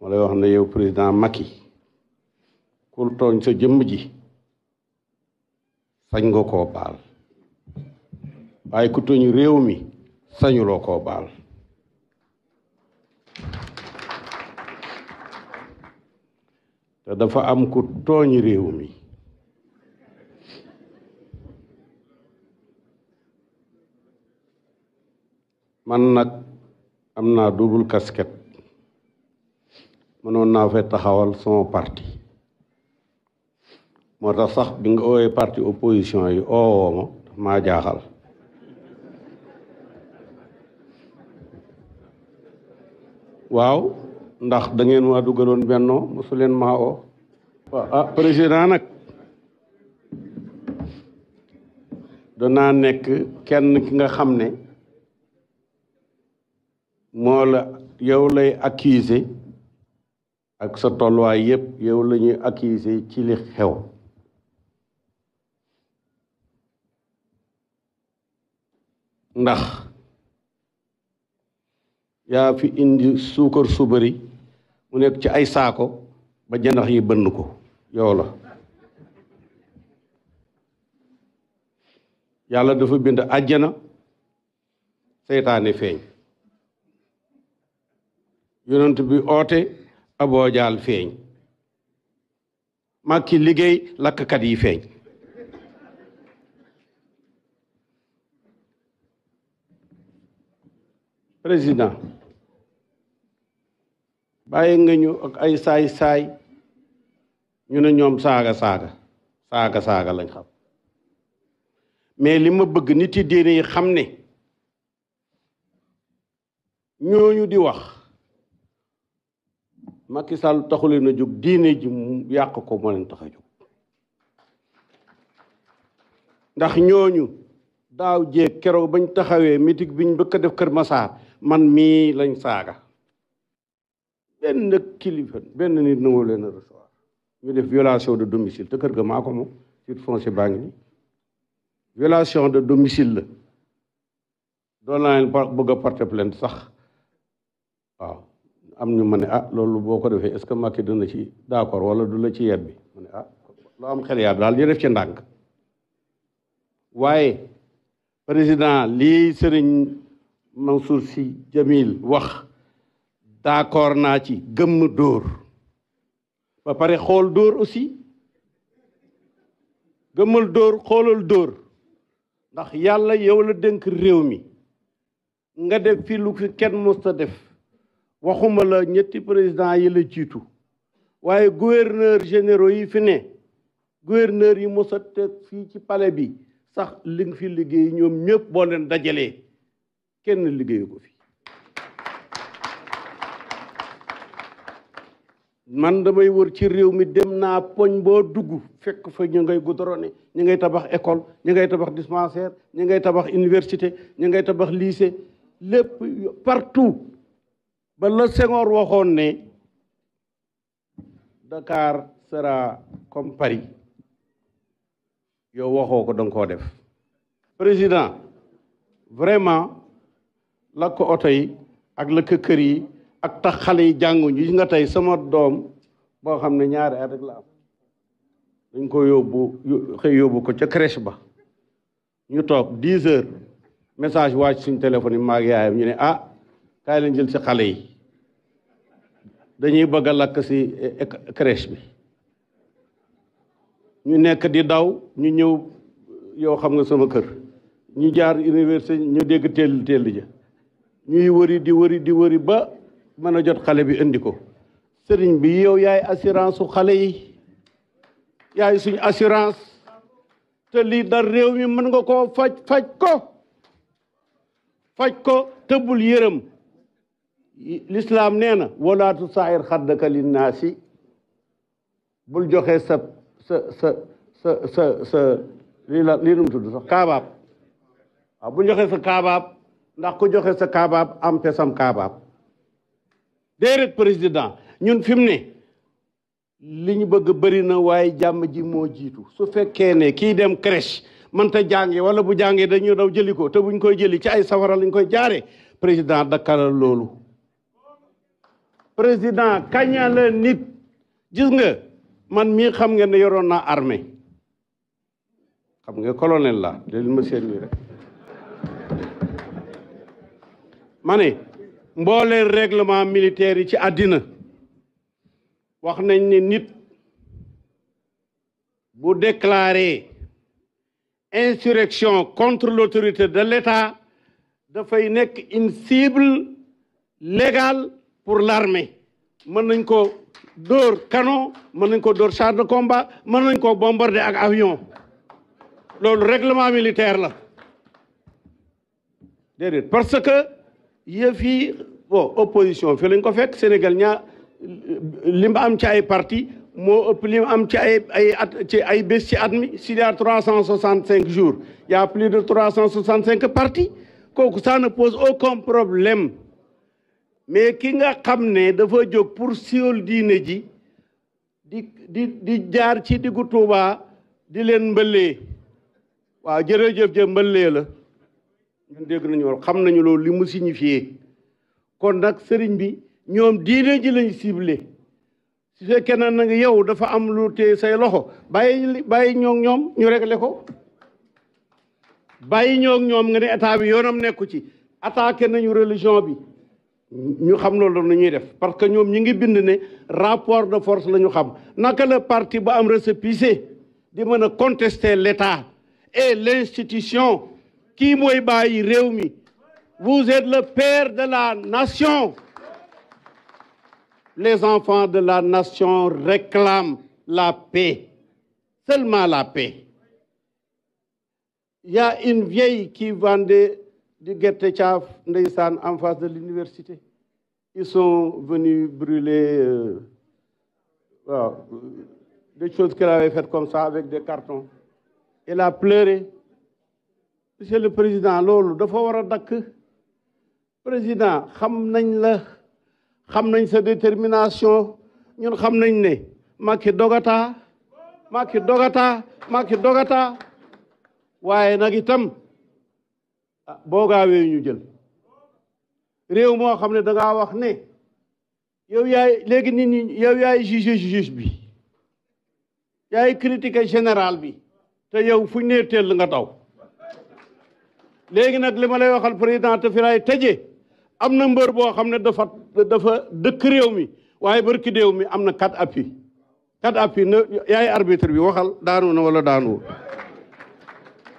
ma lay wax ne yow président Macky ku tooñ sa jëmm ji sañ nga koo baal waaye ku tooñ réew mi sañuloo koo baal te dafa am ku tooñ réew mi man nag am naa dubul kasket mënoon na fay taxawal sama parti moo tax sax bi nga oowee parti opposition yi oowoo ma jaaxal waaw ndax da ngeen dugaloon bennoo mosu leen maa oo ah, président nag danaa nekk kenn ki nga xam ne moo la yow lay accuser ak sa tolluwaay yépp yow la ñuy ci li xew ndax yaa fi indi suukar subari mu nekk ci ay saako ba janax yi bënn ko yow la yàlla dafa bind àjjana seytaane feeñ yonent bi oote aboo jaal feeñ màkki liggéey lakkkat yi feeñ président bàyyi nga ñu ak ay saay-saay ñu ne ñoom saaga saaga saaga saaga lañ xam mais li ma bëgg nit yi xam ne ñooñu di wax Macky Sall taxu leen a jóg diine ji yàq ko moo leen tax a jóg ndax ñooñu daaw jéeg keroog bañ taxawee mitig biñ bëgg a def Kër Massar man mii lañ saaga benn kilifa benn nit nangoo leen a recevoir def violation de domicile te kër ga maa ko moom titre foncier baa ngi ni violation de domicile la doo naa leen bëgg a porter sax waaw am ñu ma ne ah loolu boo ko defee est-ce que Macky dina ci d'accord wala du la ci yet bi ma ne ah loo am xel yaa daal ñu def ci ndànk waaye président lii sëriñ Mansour Sy Djamil wax d'accord naa ci gëmm dóor ba pare xool dóor aussi gëmmal dóor xoolal dóor ndax yàlla yow la dénk réew mi nga def fi lu kenn mës a def waxuma la ñetti président yi la jiitu waaye gouverneur généraux yi fi ne gouverneur yi mos a fii ci pale bi sax li nga fi liggéey ñoom ñëpp boo leen dajalee kenn liggéeyu ko fi man damay wër ci réew mi dem naa poñ boo duggu fekk fa ñu ngay goudronné ñu ngay tabax école ñu ngay tabax dispensaire ñu ngay tabax université ñu ngay tabax lycée lépp partout ba la Senghor waxoon ne Dakar sera comme Paris yow waxoo ko danga koo def président vraiment lakk oto yi ak lakk kër yi ak tax xale yi jànguñu gis nga tey sama doom boo xam ne ñaari at rek la am dañ ko yóbbu xëy yóbbu ko ca crèche ba ñu toog dix heures message wàcc suñ téléphone yi maag yaayam ñu ne ah kaay lañ jël si xale yi dañuy bëgg a lakk si eh, eh, crèche bi ñu nekk di daw ñu ñëw yow xam nga sama kër ñu jaar université ñu dégg teel teel ja ñuy wëri di wëri di wëri ba mën a jot xale bi indi ko sëriñ bi yow yaay assurance su xale yi yaay suñ assurance te lii dal réew mi mën nga koo faj faj ko faj ko tëbbul yërëm lislaam nee na walaa tusaayir naa si bul joxe sa sa sa sa sa sa lii la lii kaabaab waaw bul joxe sa kaabaab ndax ku joxe sa kaabaab am pesam kaabaab déedéet président ñun fi mu ne li bëgg bëri na waaye jàmm ji moo jiitu su fekkee ne kii dem crèche mënta jànge wala bu jàngee dañu daw jëli ko te buñ koy jëli ci ay safara lañ koy jaaree président dakkalal loolu président kaña Nip. nit gis nga man mii xam nga ne yoroon armée xam nga colonel la léegi ma seen rek ma ne règlement militaire yi ci àddina wax nañ ne nit Vous déclarer insurrection contre l'autorité de l'État de faire une cible légale pour l'armée mën nañ ko dóor canon mën nañ ko dóor char de combat mën nañ ko bombarder ak avion loolu règlement militaire la déedéet parce que yëf yi bon opposition fi lañ ko fekk Sénégal ñaa li am ci ay parti moo ëpp li mu am ci ay ay at ci ay bés ci at mi s'il y a trois cent soixante cinq jours y a plus de trois cent soixante cinq partis kooku ça ne pose aucun problème mais ki nga xam ne dafa jóg pour siol diine ji di di di jaar ci diggu Tuubaa di leen mbëllee waaw jërëjëf jëf mbëllee la ñun dégg nañu loolu xam nañu loolu li mu signifié kon nag sëriñ bi ñoom diine ji lañ ciblé su fekkee na nag yow dafa am lu téye say loxo bàyyi bàyyi ñoog ñoom ñu réglé ko bàyyi ñoog ñoom nga ne état bi yoonam nekku ci attaqué nañu religion bi Nous savons ce parce que nous, avons rapport de force Nous parti contester l'État et l'institution Qui m'a vous êtes le père de la nation les enfants de la nation réclament la paix seulement la paix il y a une vieille qui vendait du Tchaf en face de l'université ils sont venus brûler euh, des choses qu'elle avait faites comme ça avec des cartons elle a pleuré monsieur le président Lolo, dafa faut président xam nañ vous sa détermination ñun xam nañ né Je dogata Macky dogata, dogata waye nak itam Ah, boo gaawee ñu jël réew moo xam ne dangaa wax ne yow yaay léegi nit ñi yow yaay juge juge bi yaay critiquer général bi te yow fuñ nee teel nga daw léegi nag li ma lay waxal président te fi laay tëjee am na mbër boo xam ne dafa dafa dëkk réew mi waaye barki réew mi am na quatre appi quatre appi na yaay arbitre bi waxal daanu na walla daanuwul